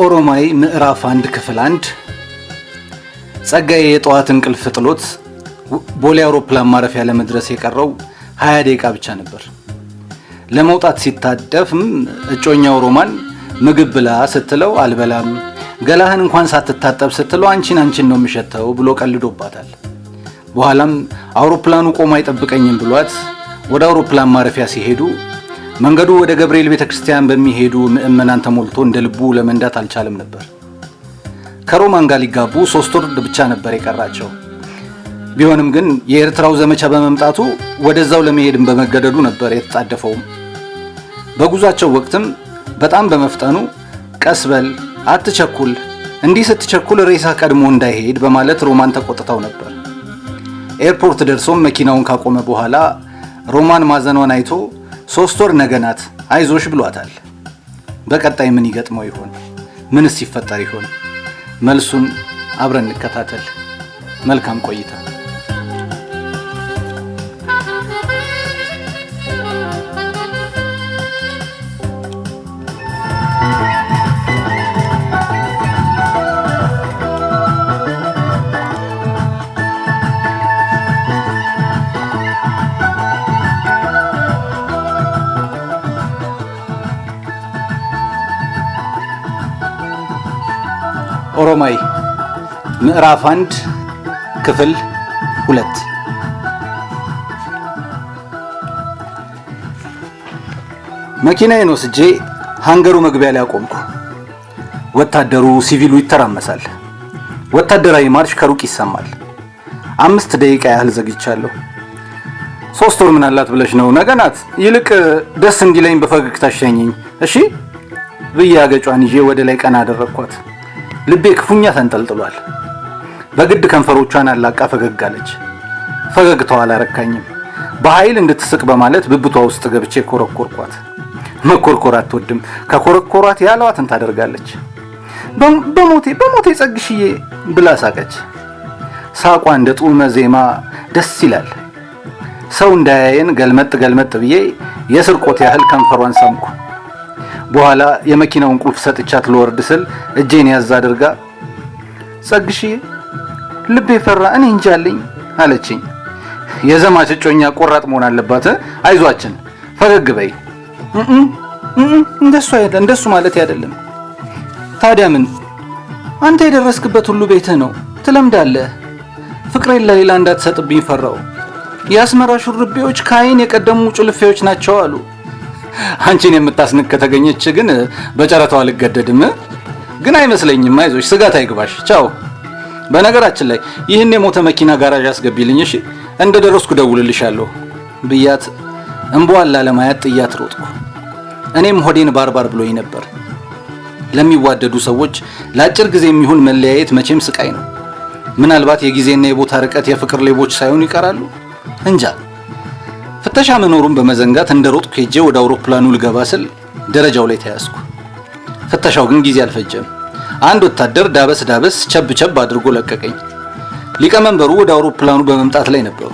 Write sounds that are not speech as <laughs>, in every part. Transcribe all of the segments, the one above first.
ዘኦሮማይ ምዕራፍ አንድ ክፍል አንድ ጸጋዬ የጠዋት እንቅልፍ ጥሎት ቦሌ አውሮፕላን ማረፊያ ለመድረስ የቀረው ሀያ ደቂቃ ብቻ ነበር። ለመውጣት ሲታደፍም እጮኛው ሮማን ምግብ ብላ ስትለው አልበላም፣ ገላህን እንኳን ሳትታጠብ ስትለው አንቺን አንቺን ነው የምሸተው ብሎ ቀልዶባታል። በኋላም አውሮፕላኑ ቆሞ አይጠብቀኝም ብሏት ወደ አውሮፕላን ማረፊያ ሲሄዱ መንገዱ ወደ ገብርኤል ቤተ ክርስቲያን በሚሄዱ ምእመናን ተሞልቶ እንደ ልቡ ለመንዳት አልቻለም ነበር። ከሮማን ጋር ሊጋቡ ሶስት ወር ብቻ ነበር የቀራቸው። ቢሆንም ግን የኤርትራው ዘመቻ በመምጣቱ ወደዛው ለመሄድም በመገደዱ ነበር የተጣደፈውም። በጉዟቸው ወቅትም በጣም በመፍጠኑ ቀስበል አትቸኩል፣ እንዲህ ስትቸኩል ሬሳ ቀድሞ እንዳይሄድ በማለት ሮማን ተቆጥተው ነበር። ኤርፖርት ደርሶም መኪናውን ካቆመ በኋላ ሮማን ማዘኗን አይቶ ሶስት ወር ነገናት አይዞሽ ብሏታል። በቀጣይ ምን ይገጥመው ይሆን? ምንስ ይፈጠር ይሆን? መልሱን አብረን እንከታተል። መልካም ቆይታ ምዕራፍ አንድ ክፍል ሁለት መኪናዬን ወስጄ ሃንገሩ መግቢያ ላይ አቆምኩ። ወታደሩ ሲቪሉ ይተራመሳል። ወታደራዊ ማርሽ ከሩቅ ይሰማል። አምስት ደቂቃ ያህል ዘግቻለሁ። ሶስት ወር ምናላት ብለሽ ነው ነገ ናት። ይልቅ ደስ እንዲለኝ በፈገግታ ሸኘኝ። እሺ ብዬ አገጯን ይዤ ወደ ላይ ቀና አደረግኳት። ልቤ ክፉኛ ተንጠልጥሏል። በግድ ከንፈሮቿን አላቃ ፈገግ አለች። ፈገግታው አላረካኝም። በኃይል እንድትስቅ በማለት ብብቷ ውስጥ ገብቼ ኮረኮርኳት። መኮርኮር አትወድም። ከኮረኮሯት ያለዋትን ታደርጋለች። በሞቴ በሞቴ ጸግሽዬ ብላ ሳቀች። ሳቋ እንደ ጡመ ዜማ ደስ ይላል። ሰው እንዳያየን ገልመጥ ገልመጥ ብዬ የስርቆት ያህል ከንፈሯን ሳምኩ። በኋላ የመኪናውን ቁልፍ ሰጥቻት ልወርድ ስል እጄን ያዝ አድርጋ ጸግሽዬ ልብ የፈራ እኔ እንጃለኝ አለችኝ። የዘማች እጮኛ ቆራጥ መሆን አለባት። አይዟችን ፈገግ በይ። እንደሱ አይደለም፣ እንደሱ ማለት አይደለም። ታዲያ ምን? አንተ የደረስክበት ሁሉ ቤትህ ነው፣ ትለምዳለህ። ፍቅሬን ለሌላ እንዳትሰጥብኝ ፈራው። የአስመራ ሹርቤዎች ከአይን የቀደሙ ጭልፌዎች ናቸው አሉ። አንቺን የምታስንቅ ከተገኘች ግን በጨረታው አልገደድም። ግን አይመስለኝም። አይዞሽ፣ ስጋት አይግባሽ። ቻው በነገራችን ላይ ይህን የሞተ መኪና ጋራዥ አስገቢልኝ እሺ፣ እንደ ደረስኩ ደውልልሻለሁ ብያት እንቧላ ለማያት ጥያት ሮጥኩ። እኔም ሆዴን ባርባር ብሎኝ ነበር። ለሚዋደዱ ሰዎች ለአጭር ጊዜ የሚሆን መለያየት መቼም ስቃይ ነው። ምናልባት የጊዜና የቦታ ርቀት የፍቅር ሌቦች ሳይሆኑ ይቀራሉ እንጃ። ፍተሻ መኖሩን በመዘንጋት እንደ ሮጥኩ ሄጄ ወደ አውሮፕላኑ ልገባ ስል ደረጃው ላይ ተያዝኩ። ፍተሻው ግን ጊዜ አልፈጀም። አንድ ወታደር ዳበስ ዳበስ ቸብ ቸብ አድርጎ ለቀቀኝ። ሊቀመንበሩ ወደ አውሮፕላኑ በመምጣት ላይ ነበሩ።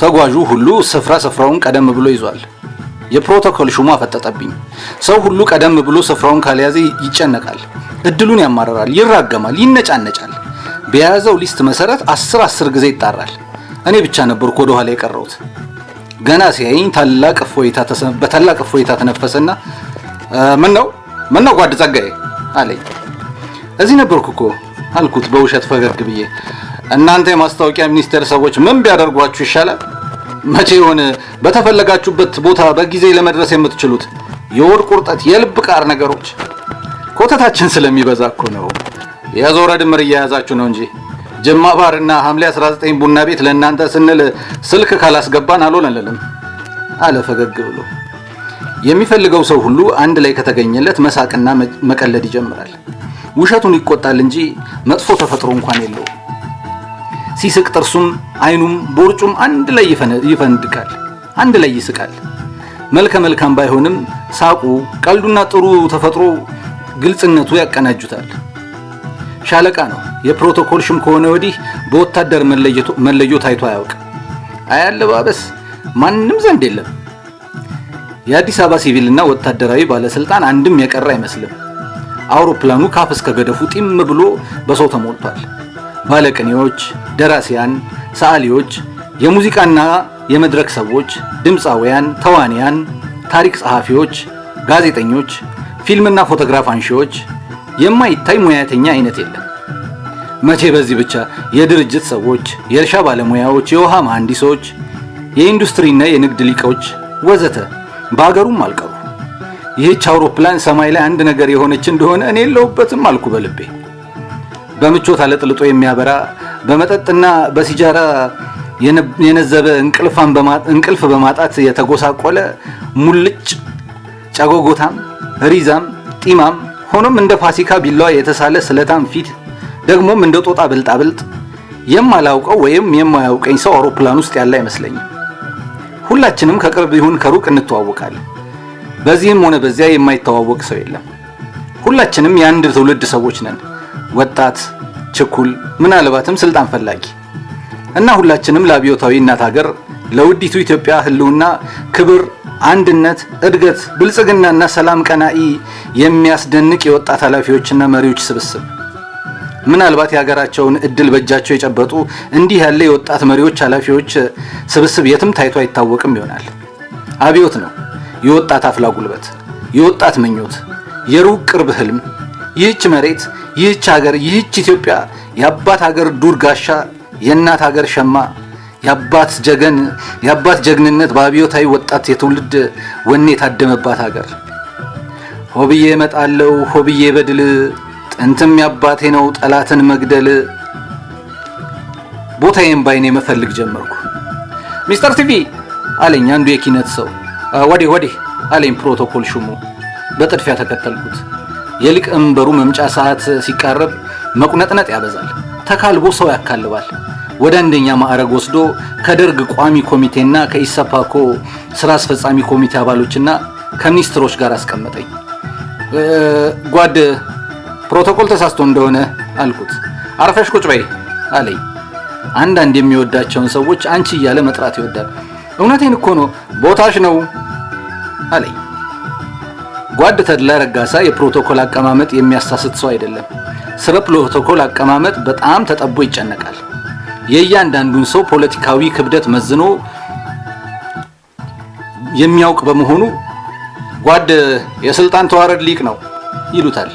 ተጓዡ ሁሉ ስፍራ ስፍራውን ቀደም ብሎ ይዟል። የፕሮቶኮል ሹሙ አፈጠጠብኝ። ሰው ሁሉ ቀደም ብሎ ስፍራውን ካልያዘ ይጨነቃል፣ እድሉን ያማረራል፣ ይራገማል፣ ይነጫነጫል። በያዘው ሊስት መሰረት አስር አስር ጊዜ ይጣራል። እኔ ብቻ ነበርኩ ወደ ኋላ የቀረሁት። ገና ሲያይኝ ታላቅ እፎይታ በታላቅ እፎይታ ተነፈሰና ምን ነው ምን ነው ጓድ ጸጋዬ አለኝ። እዚህ ነበርኩ እኮ አልኩት በውሸት ፈገግ ብዬ። እናንተ የማስታወቂያ ሚኒስቴር ሰዎች ምን ቢያደርጓችሁ ይሻላል? መቼ ይሆን በተፈለጋችሁበት ቦታ በጊዜ ለመድረስ የምትችሉት? የወድ ቁርጠት፣ የልብ ቃር ነገሮች። ኮተታችን ስለሚበዛ እኮ ነው። የዞረ ድምር እየያዛችሁ ነው እንጂ ጅማ ባር እና ሐምሌ 19 ቡና ቤት ለእናንተ ስንል ስልክ ካላስገባን አልሆነልንም አለ ፈገግ ብሎ። የሚፈልገው ሰው ሁሉ አንድ ላይ ከተገኘለት መሳቅና መቀለድ ይጀምራል። ውሸቱን ይቆጣል እንጂ መጥፎ ተፈጥሮ እንኳን የለው። ሲስቅ ጥርሱም አይኑም ቦርጩም አንድ ላይ ይፈንድቃል፣ አንድ ላይ ይስቃል። መልከ መልካም ባይሆንም ሳቁ፣ ቀልዱና ጥሩ ተፈጥሮ ግልጽነቱ ያቀናጁታል። ሻለቃ ነው። የፕሮቶኮል ሽም ከሆነ ወዲህ በወታደር መለዮ ታይቶ አያውቅም። አያለባበስ ማንም ዘንድ የለም። የአዲስ አበባ ሲቪልና ወታደራዊ ባለስልጣን አንድም የቀረ አይመስልም። አውሮፕላኑ ካፍ እስከ ገደፉ ጢም ብሎ በሰው ተሞልቷል። ባለቅኔዎች፣ ደራሲያን፣ ሰዓሊዎች፣ የሙዚቃና የመድረክ ሰዎች፣ ድምፃውያን፣ ተዋንያን፣ ታሪክ ጸሐፊዎች፣ ጋዜጠኞች፣ ፊልምና ፎቶግራፍ አንሺዎች፣ የማይታይ ሙያተኛ አይነት የለም። መቼ በዚህ ብቻ የድርጅት ሰዎች፣ የእርሻ ባለሙያዎች፣ የውሃ መሐንዲሶች፣ የኢንዱስትሪና የንግድ ሊቃዎች ወዘተ በአገሩም አልቀሩ። ይህች አውሮፕላን ሰማይ ላይ አንድ ነገር የሆነች እንደሆነ እኔ ለውበትም አልኩ በልቤ። በምቾት አለጥልጦ የሚያበራ በመጠጥና በሲጃራ የነዘበ እንቅልፍ በማጣት የተጎሳቆለ ሙልጭ ጨጎጎታም ሪዛም ጢማም ሆኖም እንደ ፋሲካ ቢላዋ የተሳለ ስለታም ፊት ደግሞም እንደ ጦጣ ብልጣብልጥ የማላውቀው ወይም የማያውቀኝ ሰው አውሮፕላን ውስጥ ያለ አይመስለኝም። ሁላችንም ከቅርብ ይሁን ከሩቅ እንተዋወቃለን። በዚህም ሆነ በዚያ የማይተዋወቅ ሰው የለም። ሁላችንም የአንድ ትውልድ ሰዎች ነን። ወጣት፣ ችኩል፣ ምናልባትም ስልጣን ፈላጊ እና ሁላችንም ለአብዮታዊ እናት ሀገር ለውዲቱ ኢትዮጵያ ህልውና ክብር፣ አንድነት፣ እድገት፣ ብልጽግናና ሰላም ቀናኢ የሚያስደንቅ የወጣት ኃላፊዎችና መሪዎች ስብስብ ምናልባት የሀገራቸውን እድል በእጃቸው የጨበጡ እንዲህ ያለ የወጣት መሪዎች ኃላፊዎች ስብስብ የትም ታይቶ አይታወቅም ይሆናል። አብዮት ነው። የወጣት አፍላ ጉልበት፣ የወጣት ምኞት፣ የሩቅ ቅርብ ህልም ይህች መሬት፣ ይህች ሀገር፣ ይህች ኢትዮጵያ የአባት ሀገር ዱር ጋሻ፣ የእናት ሀገር ሸማ፣ የአባት ጀገን፣ የአባት ጀግንነት በአብዮታዊ ወጣት የትውልድ ወኔ የታደመባት ሀገር። ሆብዬ እመጣለሁ ሆብዬ በድል ጥንትም ያባቴ ነው ጠላትን መግደል። ቦታዬን ባይኔ መፈልግ ጀመርኩ። ሚስተር ቲቪ አለኝ አንዱ የኪነት ሰው ወዲህ ወዲህ አለኝ ፕሮቶኮል ሹሙ። በጥድፊያ ተከተልኩት። የሊቀ መንበሩ መምጫ ሰዓት ሲቃረብ መቁነጥነጥ ያበዛል፣ ተካልቦ ሰው ያካልባል። ወደ አንደኛ ማዕረግ ወስዶ ከደርግ ቋሚ ኮሚቴና ከኢሰፓኮ ስራ አስፈጻሚ ኮሚቴ አባሎችና ከሚኒስትሮች ጋር አስቀመጠኝ። ጓድ ፕሮቶኮል ተሳስቶ እንደሆነ አልኩት። አርፈሽ ቁጭ በይ አለኝ። አንዳንድ የሚወዳቸውን ሰዎች አንቺ እያለ መጥራት ይወዳል። እውነቴን እኮ ነው ቦታሽ ነው አለኝ። ጓድ ተድላ ረጋሳ የፕሮቶኮል አቀማመጥ የሚያሳስት ሰው አይደለም። ስለ ፕሮቶኮል አቀማመጥ በጣም ተጠቦ ይጨነቃል። የእያንዳንዱን ሰው ፖለቲካዊ ክብደት መዝኖ የሚያውቅ በመሆኑ ጓድ የስልጣን ተዋረድ ሊቅ ነው ይሉታል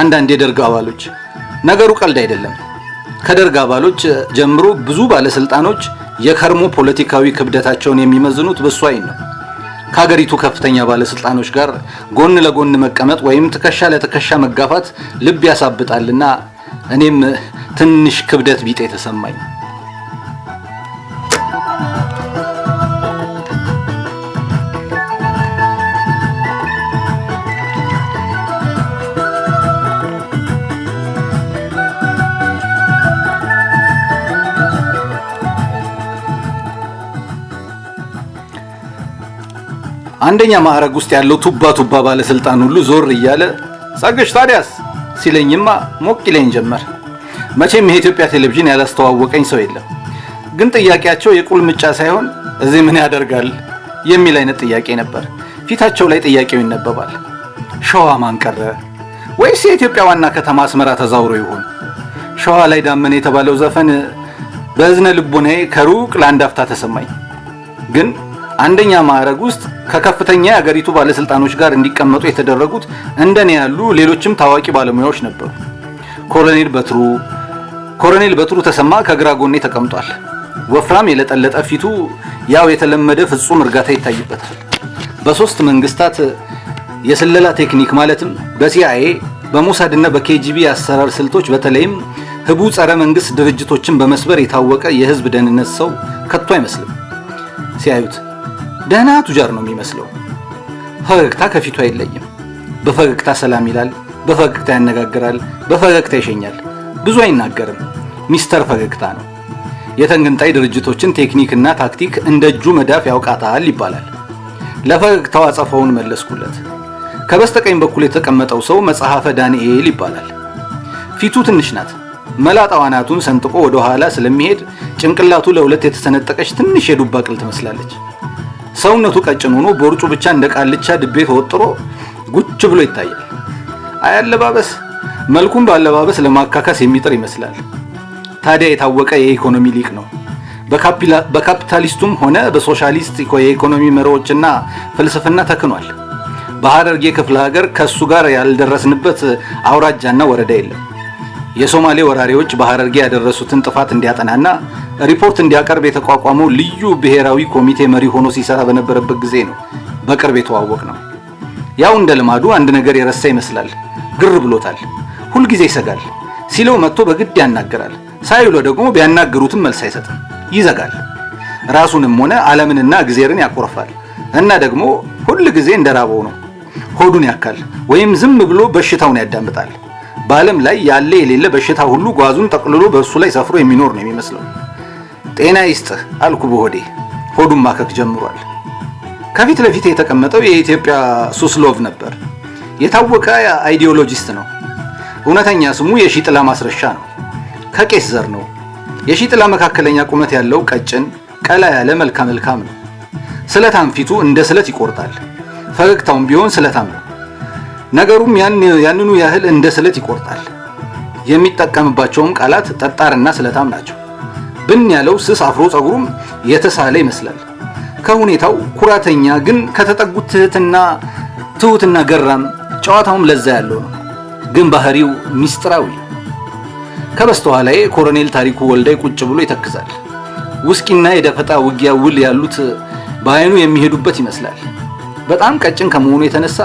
አንዳንድ የደርግ አባሎች። ነገሩ ቀልድ አይደለም። ከደርግ አባሎች ጀምሮ ብዙ ባለስልጣኖች የከርሞ ፖለቲካዊ ክብደታቸውን የሚመዝኑት በሱ አይን ነው። ከሀገሪቱ ከፍተኛ ባለስልጣኖች ጋር ጎን ለጎን መቀመጥ ወይም ትከሻ ለትከሻ መጋፋት ልብ ያሳብጣልና እኔም ትንሽ ክብደት ቢጤ ተሰማኝ። አንደኛ ማዕረግ ውስጥ ያለው ቱባ ቱባ ባለስልጣን ሁሉ ዞር እያለ ጸግሽ ታዲያስ ሲለኝማ ሞቅ ይለኝ ጀመር። መቼም የኢትዮጵያ ቴሌቪዥን ያላስተዋወቀኝ ሰው የለም። ግን ጥያቄያቸው የቁልምጫ ሳይሆን እዚህ ምን ያደርጋል የሚል አይነት ጥያቄ ነበር። ፊታቸው ላይ ጥያቄው ይነበባል። ሸዋ ማን ቀረ? ወይስ የኢትዮጵያ ዋና ከተማ አስመራ ተዛውሮ ይሆን? ሸዋ ላይ ዳመነ የተባለው ዘፈን በእዝነ ልቦናዬ ከሩቅ ለአንድ አፍታ ተሰማኝ ግን አንደኛ ማዕረግ ውስጥ ከከፍተኛ የአገሪቱ ባለስልጣኖች ጋር እንዲቀመጡ የተደረጉት እንደኔ ያሉ ሌሎችም ታዋቂ ባለሙያዎች ነበሩ። ኮሎኔል በትሩ ኮሎኔል በትሩ ተሰማ ከግራ ጎኔ ተቀምጧል። ወፍራም የለጠለጠ ፊቱ ያው የተለመደ ፍጹም እርጋታ ይታይበታል። በሶስት መንግስታት የስለላ ቴክኒክ ማለትም በሲአይኤ በሞሳድና በኬጂቢ አሰራር ስልቶች በተለይም ህቡ ጸረ መንግስት ድርጅቶችን በመስበር የታወቀ የህዝብ ደህንነት ሰው ከቶ አይመስልም ሲያዩት ደህና ቱጃር ነው የሚመስለው። ፈገግታ ከፊቱ አይለይም። በፈገግታ ሰላም ይላል፣ በፈገግታ ያነጋግራል፣ በፈገግታ ይሸኛል። ብዙ አይናገርም። ሚስተር ፈገግታ ነው። የተንግንጣይ ድርጅቶችን ቴክኒክና ታክቲክ እንደ እጁ መዳፍ ያውቃታል ይባላል። ለፈገግታው አጸፋውን መለስኩለት። ከበስተቀኝ በኩል የተቀመጠው ሰው መጽሐፈ ዳንኤል ይባላል። ፊቱ ትንሽ ናት። መላጣ አናቱን ሰንጥቆ ወደ ኋላ ስለሚሄድ ጭንቅላቱ ለሁለት የተሰነጠቀች ትንሽ የዱባ ቅል ትመስላለች። ሰውነቱ ቀጭን ሆኖ ቦርጩ ብቻ እንደ ቃልቻ ድቤ ተወጥሮ ጉች ብሎ ይታያል። አያለባበስ መልኩን በአለባበስ ለማካካስ የሚጥር ይመስላል። ታዲያ የታወቀ የኢኮኖሚ ሊቅ ነው። በካፒታሊስቱም ሆነ በሶሻሊስት የኢኮኖሚ መሪዎችና ፍልስፍና ተክኗል። በሐረርጌ ክፍለ ሀገር ከእሱ ጋር ያልደረስንበት አውራጃና ወረዳ የለም። የሶማሌ ወራሪዎች በሐረርጌ ያደረሱትን ጥፋት እንዲያጠናና ሪፖርት እንዲያቀርብ የተቋቋመው ልዩ ብሔራዊ ኮሚቴ መሪ ሆኖ ሲሰራ በነበረበት ጊዜ ነው በቅርብ የተዋወቅ ነው። ያው እንደ ልማዱ አንድ ነገር የረሳ ይመስላል። ግር ብሎታል። ሁልጊዜ ይሰጋል። ሲለው መጥቶ በግድ ያናገራል። ሳይሎ ደግሞ ቢያናግሩትም መልስ አይሰጥም። ይዘጋል። ራሱንም ሆነ ዓለምንና እግዜርን ያኮርፋል። እና ደግሞ ሁል ጊዜ እንደራበው ነው። ሆዱን ያካል ወይም ዝም ብሎ በሽታውን ያዳምጣል። በዓለም ላይ ያለ የሌለ በሽታ ሁሉ ጓዙን ጠቅልሎ በእሱ ላይ ሰፍሮ የሚኖር ነው የሚመስለው። ጤና ይስጥህ አልኩ በሆዴ። ሆዱን ማከክ ጀምሯል። ከፊት ለፊት የተቀመጠው የኢትዮጵያ ሱስሎቭ ነበር። የታወቀ አይዲዮሎጂስት ነው። እውነተኛ ስሙ የሺጥላ ማስረሻ ነው። ከቄስ ዘር ነው። የሺጥላ መካከለኛ ቁመት ያለው ቀጭን፣ ቀላ ያለ መልካ መልካም ነው። ስለታም ፊቱ እንደ ስለት ይቆርጣል። ፈገግታውም ቢሆን ስለታም ነው። ነገሩም ያንኑ ያህል እንደ ስለት ይቆርጣል። የሚጠቀምባቸውም ቃላት ጠጣርና ስለታም ናቸው። ብን ያለው ስስ አፍሮ ጸጉሩም የተሳለ ይመስላል። ከሁኔታው ኩራተኛ ግን ከተጠጉት ትህትና ትሁትና ገራም፣ ጨዋታውም ለዛ ያለው ነው። ግን ባህሪው ሚስጥራዊ። ከበስተኋላዬ ኮሎኔል ታሪኩ ወልዳይ ቁጭ ብሎ ይተክዛል። ውስኪና የደፈጣ ውጊያ ውል ያሉት በአይኑ የሚሄዱበት ይመስላል። በጣም ቀጭን ከመሆኑ የተነሳ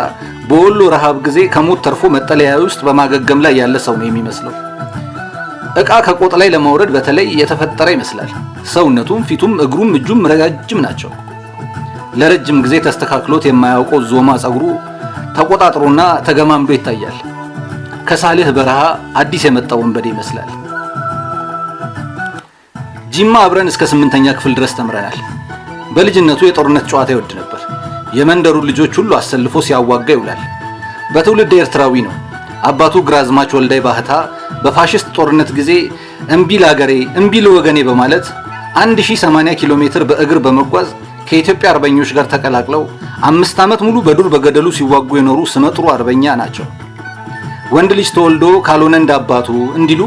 በወሎ ረሃብ ጊዜ ከሞት ተርፎ መጠለያ ውስጥ በማገገም ላይ ያለ ሰው ነው የሚመስለው። እቃ ከቆጥ ላይ ለማውረድ በተለይ የተፈጠረ ይመስላል። ሰውነቱም፣ ፊቱም፣ እግሩም እጁም ረጃጅም ናቸው። ለረጅም ጊዜ ተስተካክሎት የማያውቀው ዞማ ጸጉሩ ተቆጣጥሮና ተገማምዶ ይታያል። ከሳልህ በረሃ አዲስ የመጣ ወንበዴ ይመስላል። ጂማ አብረን እስከ ስምንተኛ ክፍል ድረስ ተምረናል። በልጅነቱ የጦርነት ጨዋታ ይወድ ነበር። የመንደሩን ልጆች ሁሉ አሰልፎ ሲያዋጋ ይውላል። በትውልድ ኤርትራዊ ነው። አባቱ ግራዝማች ወልዳይ ባህታ በፋሽስት ጦርነት ጊዜ እምቢ ለአገሬ እምቢ ለወገኔ በማለት 1080 ኪሎ ሜትር በእግር በመጓዝ ከኢትዮጵያ አርበኞች ጋር ተቀላቅለው አምስት ዓመት ሙሉ በዱር በገደሉ ሲዋጉ የኖሩ ስመጥሩ አርበኛ ናቸው። ወንድ ልጅ ተወልዶ ካልሆነ አባቱ እንዲሉ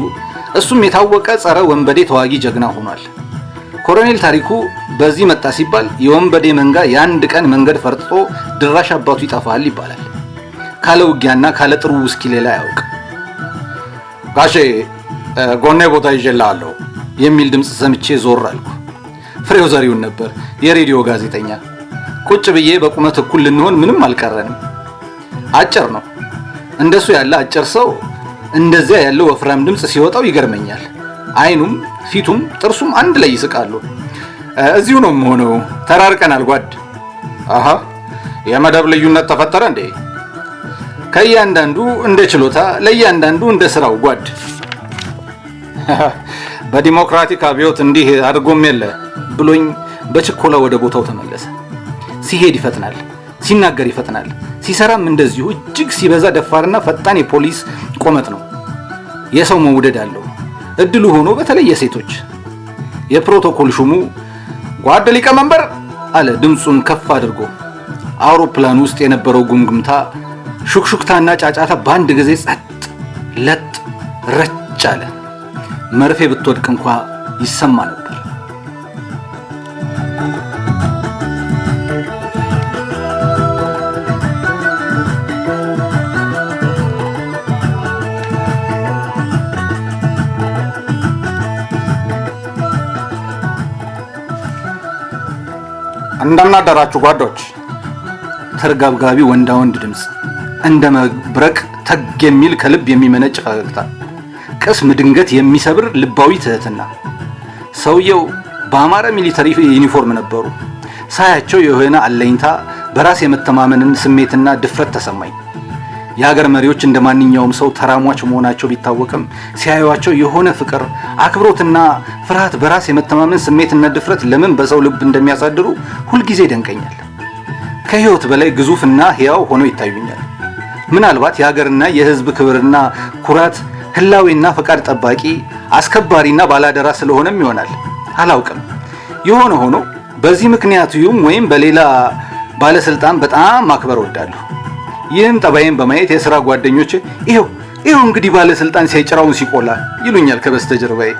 እሱም የታወቀ ጸረ ወንበዴ ተዋጊ ጀግና ሆኗል። ኮሎኔል ታሪኩ በዚህ መጣ ሲባል የወንበዴ መንጋ የአንድ ቀን መንገድ ፈርጥጦ ድራሽ አባቱ ይጠፋል ይባላል። ካለ ውጊያና ካለ ጥሩ ውስኪ ሌላ ያውቅ። ጋሼ ጎኔ ቦታ ይዤልሃለሁ የሚል ድምፅ ሰምቼ ዞር አልኩ። ፍሬው ዘሪውን ነበር፣ የሬዲዮ ጋዜጠኛ። ቁጭ ብዬ በቁመት እኩል ልንሆን ምንም አልቀረንም። አጭር ነው። እንደሱ ያለ አጭር ሰው እንደዚያ ያለው ወፍራም ድምፅ ሲወጣው ይገርመኛል። አይኑም ፊቱም ጥርሱም አንድ ላይ ይስቃሉ። እዚሁ ነው የምሆነው። ተራርቀናል ጓድ። አሀ የመደብ ልዩነት ተፈጠረ እንዴ? ከእያንዳንዱ እንደ ችሎታ፣ ለእያንዳንዱ እንደ ስራው ጓድ። <laughs> በዲሞክራቲክ አብዮት እንዲህ አድርጎም የለ ብሎኝ በችኮላ ወደ ቦታው ተመለሰ። ሲሄድ ይፈጥናል፣ ሲናገር ይፈጥናል፣ ሲሰራም እንደዚሁ እጅግ ሲበዛ ደፋርና ፈጣን የፖሊስ ቆመት ነው። የሰው መውደድ አለው። እድሉ ሆኖ በተለይ የሴቶች የፕሮቶኮል ሹሙ ጓድ ሊቀመንበር አለ ድምፁን ከፍ አድርጎ። አውሮፕላን ውስጥ የነበረው ጉምጉምታ፣ ሹክሹክታና ጫጫታ በአንድ ጊዜ ጸጥ ለጥ ረጭ አለ። መርፌ ብትወድቅ እንኳ ይሰማ ነበር። እንደምናደራችሁ ጓዶች። ተርጋብጋቢ ወንዳ ወንድ ድምፅ እንደ መብረቅ ተግ የሚል ከልብ የሚመነጭ ፈገግታ፣ ቅስም ድንገት የሚሰብር ልባዊ ትህትና። ሰውየው በአማረ ሚሊተሪ ዩኒፎርም ነበሩ። ሳያቸው የሆነ አለኝታ፣ በራስ የመተማመንን ስሜትና ድፍረት ተሰማኝ። የሀገር መሪዎች እንደ ማንኛውም ሰው ተራሟች መሆናቸው ቢታወቅም ሲያዩቸው የሆነ ፍቅር፣ አክብሮትና ፍርሃት፣ በራስ የመተማመን ስሜትና ድፍረት ለምን በሰው ልብ እንደሚያሳድሩ ሁልጊዜ ይደንቀኛል። ከህይወት በላይ ግዙፍና ህያው ሆነው ይታዩኛል። ምናልባት የሀገርና የህዝብ ክብርና ኩራት ህላዊና ፈቃድ ጠባቂ አስከባሪና ባላደራ ስለሆነም ይሆናል አላውቅም። የሆነ ሆኖ በዚህ ምክንያት ወይም በሌላ ባለስልጣን በጣም ማክበር እወዳለሁ። ይህን ጠባይን በማየት የስራ ጓደኞች ይኸው ይኸው እንግዲህ ባለስልጣን ሲያጭራውን ሲቆላ ይሉኛል ከበስተጀርባዬ።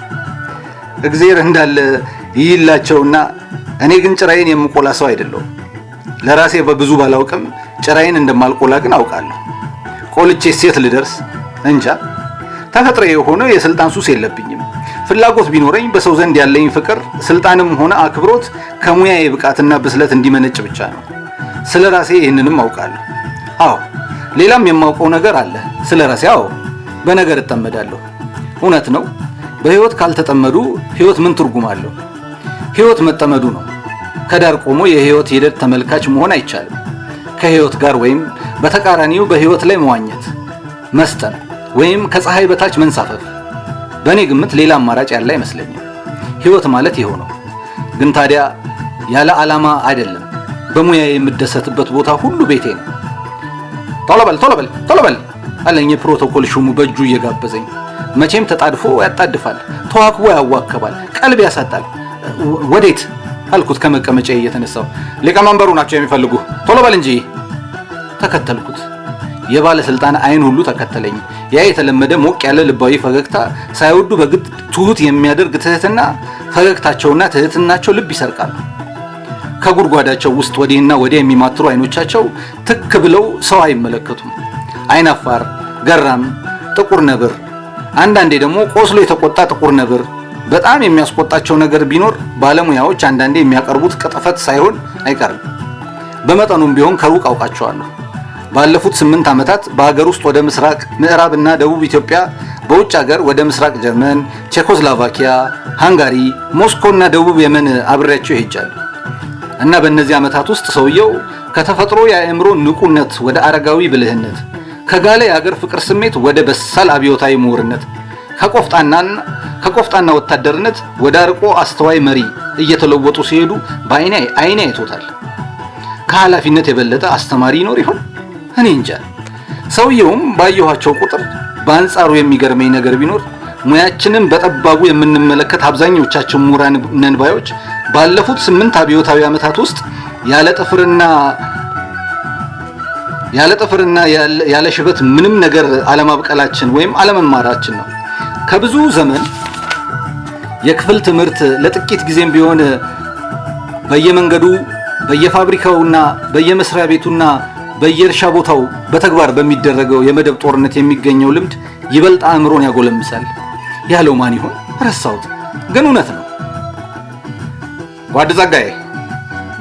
እግዜር እንዳለ ይይላቸውና እኔ ግን ጭራዬን የምቆላ ሰው አይደለሁም። ለራሴ በብዙ ባላውቅም ጭራዬን እንደማልቆላ ግን አውቃለሁ። ቆልቼ ሴት ልደርስ እንጃ። ተፈጥሮ የሆነ የስልጣን ሱስ የለብኝም። ፍላጎት ቢኖረኝ በሰው ዘንድ ያለኝ ፍቅር፣ ስልጣንም ሆነ አክብሮት ከሙያዬ ብቃትና ብስለት እንዲመነጭ ብቻ ነው። ስለ ራሴ ይህንንም አውቃለሁ። አዎ ሌላም የማውቀው ነገር አለ ስለ ራሴ። አዎ በነገር እጠመዳለሁ። እውነት ነው። በህይወት ካልተጠመዱ ህይወት ምን ትርጉም አለው? ህይወት መጠመዱ ነው። ከዳር ቆሞ የህይወት ሂደት ተመልካች መሆን አይቻልም። ከህይወት ጋር ወይም በተቃራኒው በህይወት ላይ መዋኘት፣ መስጠን ወይም ከፀሐይ በታች መንሳፈፍ። በእኔ ግምት ሌላ አማራጭ ያለ አይመስለኝም። ህይወት ማለት ይኸው ነው። ግን ታዲያ ያለ ዓላማ አይደለም። በሙያ የምደሰትበት ቦታ ሁሉ ቤቴ ነው። ቶሎ በል ቶሎ በል ቶሎ በል አለኝ የፕሮቶኮል ሹሙ በእጁ እየጋበዘኝ። መቼም ተጣድፎ ያጣድፋል፣ ተዋክቦ ያዋከባል፣ ቀልብ ያሳጣል። ወዴት አልኩት ከመቀመጫ እየተነሳው። ሊቀመንበሩ ናቸው የሚፈልጉ ቶሎ በል እንጂ። ተከተልኩት። የባለስልጣን አይን ሁሉ ተከተለኝ። ያ የተለመደ ሞቅ ያለ ልባዊ ፈገግታ ሳይወዱ በግድ ትሁት የሚያደርግ ትህትና፣ ፈገግታቸውና ትህትናቸው ልብ ይሰርቃሉ። ከጉድጓዳቸው ውስጥ ወዲህና ወዲያ የሚማትሩ አይኖቻቸው ትክ ብለው ሰው አይመለከቱም። አይናፋር፣ ገራም፣ ጥቁር ነብር፣ አንዳንዴ ደግሞ ቆስሎ የተቆጣ ጥቁር ነብር። በጣም የሚያስቆጣቸው ነገር ቢኖር ባለሙያዎች አንዳንዴ የሚያቀርቡት ቅጥፈት ሳይሆን አይቀርም። በመጠኑም ቢሆን ከሩቅ አውቃቸዋለሁ። ባለፉት ስምንት ዓመታት በሀገር ውስጥ ወደ ምስራቅ ምዕራብና ደቡብ ኢትዮጵያ፣ በውጭ ሀገር ወደ ምስራቅ ጀርመን፣ ቼኮስሎቫኪያ፣ ሃንጋሪ፣ ሞስኮ እና ደቡብ የመን አብሬያቸው ይሄጃለሁ። እና በእነዚህ ዓመታት ውስጥ ሰውየው ከተፈጥሮ የአእምሮ ንቁነት ወደ አረጋዊ ብልህነት፣ ከጋለ የአገር ፍቅር ስሜት ወደ በሳል አብዮታዊ ምሁርነት፣ ከቆፍጣና ወታደርነት ወደ አርቆ አስተዋይ መሪ እየተለወጡ ሲሄዱ በአይኔ አይኔ አይቶታል። ከኃላፊነት የበለጠ አስተማሪ ይኖር ይሆን? እኔ እንጃ። ሰውየውም ባየኋቸው ቁጥር በአንጻሩ የሚገርመኝ ነገር ቢኖር ሙያችንን በጠባቡ የምንመለከት አብዛኞቻችን ምሁራን ነንባዮች። ባለፉት ስምንት አብዮታዊ ዓመታት ውስጥ ያለ ጥፍርና ያለ ጥፍርና ያለ ሽበት ምንም ነገር አለማብቀላችን ወይም አለመማራችን ነው። ከብዙ ዘመን የክፍል ትምህርት ለጥቂት ጊዜም ቢሆን በየመንገዱ በየፋብሪካውና በየመስሪያ ቤቱና በየእርሻ ቦታው በተግባር በሚደረገው የመደብ ጦርነት የሚገኘው ልምድ ይበልጥ አእምሮን ያጎለምሳል። ያለው ማን ይሆን? ረሳሁት፣ ግን እውነት ነው። ጓድ ጸጋዬ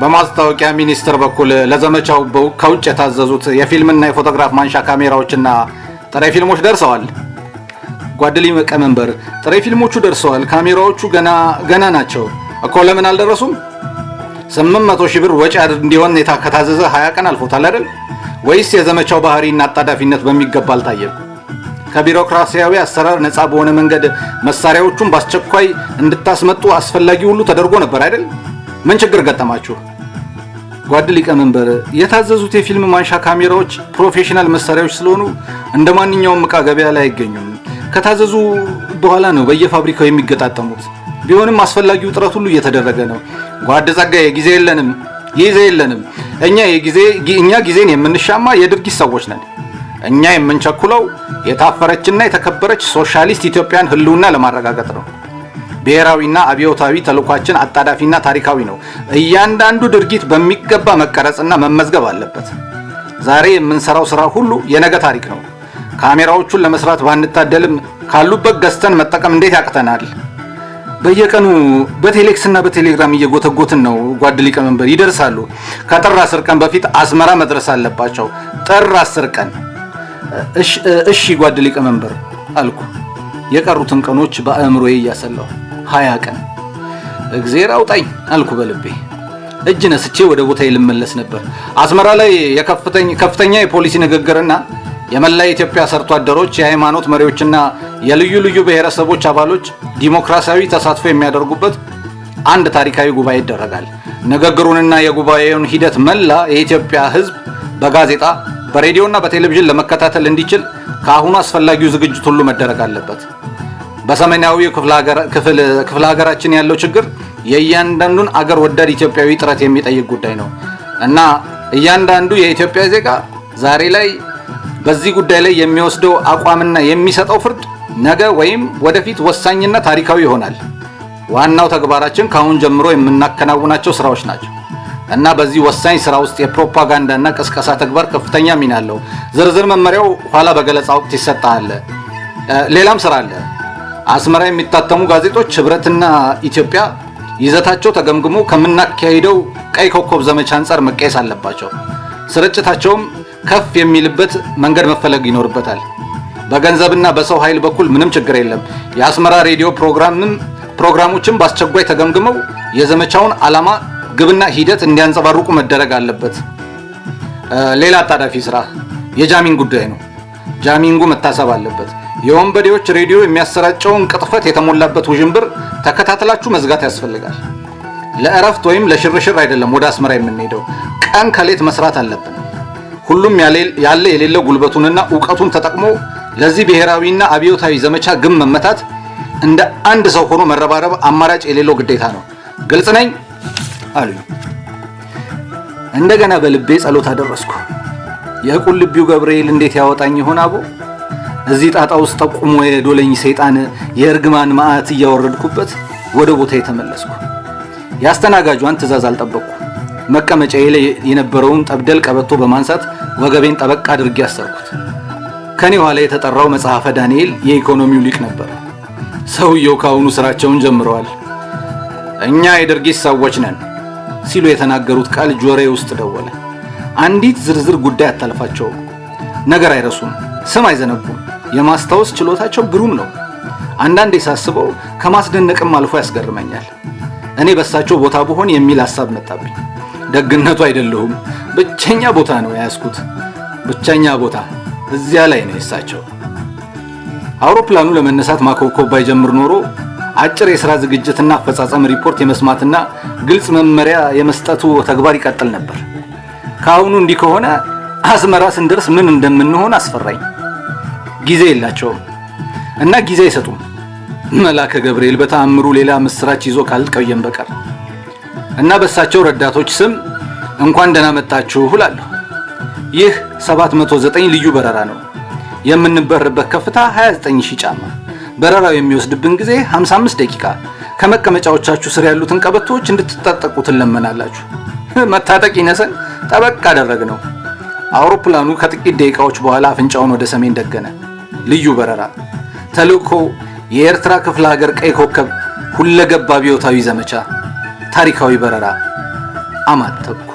በማስታወቂያ ሚኒስቴር በኩል ለዘመቻው ከውጭ የታዘዙት የፊልምና የፎቶግራፍ ማንሻ ካሜራዎችና ጥሬ ፊልሞች ደርሰዋል። ጓድሊ መቀመንበር ጥሬ ፊልሞቹ ደርሰዋል፣ ካሜራዎቹ ገና ገና ናቸው እኮ ለምን አልደረሱም? 800 ሺህ ብር ወጪ እንዲሆን ከታዘዘ 20 ቀን አልፎታል አይደል? ወይስ የዘመቻው ባህሪና አጣዳፊነት በሚገባ አልታየም? ከቢሮክራሲያዊ አሰራር ነፃ በሆነ መንገድ መሳሪያዎቹን በአስቸኳይ እንድታስመጡ አስፈላጊ ሁሉ ተደርጎ ነበር አይደል? ምን ችግር ገጠማችሁ? ጓድ ሊቀመንበር፣ የታዘዙት የፊልም ማንሻ ካሜራዎች ፕሮፌሽናል መሳሪያዎች ስለሆኑ እንደ ማንኛውም ዕቃ ገበያ ላይ አይገኙም። ከታዘዙ በኋላ ነው በየፋብሪካው የሚገጣጠሙት። ቢሆንም አስፈላጊው ጥረት ሁሉ እየተደረገ ነው። ጓድ ጸጋዬ፣ ጊዜ የለንም ጊዜ የለንም። እኛ ጊዜ እኛ ጊዜን የምንሻማ የድርጊት ሰዎች ነን። እኛ የምንቸኩለው የታፈረችና የተከበረች ሶሻሊስት ኢትዮጵያን ህልውና ለማረጋገጥ ነው። ብሔራዊና አብዮታዊ ተልኳችን አጣዳፊና ታሪካዊ ነው። እያንዳንዱ ድርጊት በሚገባ መቀረጽና መመዝገብ አለበት። ዛሬ የምንሰራው ስራ ሁሉ የነገ ታሪክ ነው። ካሜራዎቹን ለመስራት ባንታደልም ካሉበት ገዝተን መጠቀም እንዴት ያቅተናል? በየቀኑ በቴሌክስ እና በቴሌግራም እየጎተጎትን ነው። ጓድ ሊቀመንበር ይደርሳሉ። ከጥር አስር ቀን በፊት አስመራ መድረስ አለባቸው። ጥር አስር ቀን እሺ ጓድ ሊቀመንበር አልኩ። የቀሩትን ቀኖች በአእምሮዬ እያሰላሁ ሀያ ቀን እግዜር አውጣኝ አልኩ በልቤ። እጅ ነስቼ ወደ ቦታ ልመለስ ነበር። አስመራ ላይ ከፍተኛ የፖሊሲ ንግግርና የመላ የኢትዮጵያ ሰርቶ አደሮች፣ የሃይማኖት መሪዎችና የልዩ ልዩ ብሔረሰቦች አባሎች ዲሞክራሲያዊ ተሳትፎ የሚያደርጉበት አንድ ታሪካዊ ጉባኤ ይደረጋል። ንግግሩንና የጉባኤውን ሂደት መላ የኢትዮጵያ ሕዝብ በጋዜጣ በሬዲዮና በቴሌቪዥን ለመከታተል እንዲችል ከአሁኑ አስፈላጊው ዝግጅት ሁሉ መደረግ አለበት። በሰሜናዊ ክፍለ ሀገራችን ያለው ችግር የእያንዳንዱን አገር ወዳድ ኢትዮጵያዊ ጥረት የሚጠይቅ ጉዳይ ነው እና እያንዳንዱ የኢትዮጵያ ዜጋ ዛሬ ላይ በዚህ ጉዳይ ላይ የሚወስደው አቋምና የሚሰጠው ፍርድ ነገ ወይም ወደፊት ወሳኝና ታሪካዊ ይሆናል። ዋናው ተግባራችን ከአሁን ጀምሮ የምናከናውናቸው ስራዎች ናቸው። እና በዚህ ወሳኝ ስራ ውስጥ እና ቅስቀሳ ተግባር ከፍተኛ ሚና አለው። ዝርዝር መመሪያው ኋላ በገለጻ ወቅት ይሰጣል። ሌላም ስራ አለ። አስመራ የሚታተሙ ጋዜጦች ህብረትና ኢትዮጵያ ይዘታቸው ተገምግሞ ከምናካሄደው ቀይ ኮከብ ዘመቻ አንጻር መቀየስ አለባቸው። ስርጭታቸውም ከፍ የሚልበት መንገድ መፈለግ ይኖርበታል። በገንዘብና በሰው ኃይል በኩል ምንም ችግር የለም። የአስመራ ሬዲዮ ፕሮግራሞችም በአስቸኳይ ተገምግመው የዘመቻውን ዓላማ ግብና ሂደት እንዲያንጸባርቁ መደረግ አለበት። ሌላ አጣዳፊ ስራ የጃሚንግ ጉዳይ ነው። ጃሚንጉ መታሰብ አለበት። የወንበዴዎች ሬዲዮ የሚያሰራጨውን ቅጥፈት የተሞላበት ውዥንብር ተከታትላችሁ መዝጋት ያስፈልጋል። ለእረፍት ወይም ለሽርሽር አይደለም ወደ አስመራ የምንሄደው። ቀን ከሌት መስራት አለብን። ሁሉም ያለ የሌለ ጉልበቱንና እውቀቱን ተጠቅሞ ለዚህ ብሔራዊና አብዮታዊ ዘመቻ ግን መመታት እንደ አንድ ሰው ሆኖ መረባረብ አማራጭ የሌለው ግዴታ ነው። ግልጽ ነኝ። አሉኝ። እንደገና በልቤ ጸሎት አደረስኩ። የቁልቢው ገብርኤል እንዴት ያወጣኝ ይሆን አቦ? እዚህ ጣጣ ውስጥ ጠቁሞ የዶለኝ ሰይጣን የእርግማን ማዕት እያወረድኩበት ወደ ቦታ የተመለስኩ። የአስተናጋጇን ትእዛዝ አልጠበቅኩ። መቀመጫዬ ላይ የነበረውን ጠብደል ቀበቶ በማንሳት ወገቤን ጠበቅ አድርጌ አሰርኩት። ከኔ ኋላ የተጠራው መጽሐፈ ዳንኤል የኢኮኖሚው ሊቅ ነበር። ሰውየው ካሁኑ ስራቸውን ጀምረዋል። እኛ የድርጊት ሰዎች ነን ሲሉ የተናገሩት ቃል ጆሬ ውስጥ ደወለ። አንዲት ዝርዝር ጉዳይ አታልፋቸው ነገር አይረሱም፣ ስም አይዘነጉም። የማስታወስ ችሎታቸው ግሩም ነው። አንዳንዴ ሳስበው ከማስደነቅም አልፎ ያስገርመኛል። እኔ በሳቸው ቦታ ብሆን የሚል ሀሳብ መጣብኝ። ደግነቱ አይደለሁም፣ ብቸኛ ቦታ ነው የያዝኩት። ብቸኛ ቦታ እዚያ ላይ ነው የሳቸው። አውሮፕላኑ ለመነሳት ማኮብኮብ ባይጀምር ኖሮ አጭር የስራ ዝግጅትና አፈጻጸም ሪፖርት የመስማትና ግልጽ መመሪያ የመስጠቱ ተግባር ይቀጥል ነበር። ከአሁኑ እንዲህ ከሆነ አስመራ ስንደርስ ምን እንደምንሆን አስፈራኝ። ጊዜ የላቸውም እና ጊዜ አይሰጡም። መላከ ገብርኤል በተአምሩ ሌላ ምስራች ይዞ ካልቀየም በቀር እና በእሳቸው ረዳቶች ስም እንኳን ደህና መጣችሁ እላለሁ። ይህ 709 ልዩ በረራ ነው። የምንበርበት ከፍታ 29 29000 ጫማ በረራው የሚወስድብን ጊዜ 55 ደቂቃ። ከመቀመጫዎቻችሁ ስር ያሉትን ቀበቶዎች እንድትታጠቁ ትለመናላችሁ። <laughs> መታጠቅ ይነሰን ጠበቅ አደረግነው። አውሮፕላኑ ከጥቂት ደቂቃዎች በኋላ አፍንጫውን ወደ ሰሜን ደገነ። ልዩ በረራ ተልእኮ የኤርትራ ክፍለ ሀገር ቀይ ኮከብ ሁለገብ አብዮታዊ ዘመቻ ታሪካዊ በረራ አማተብ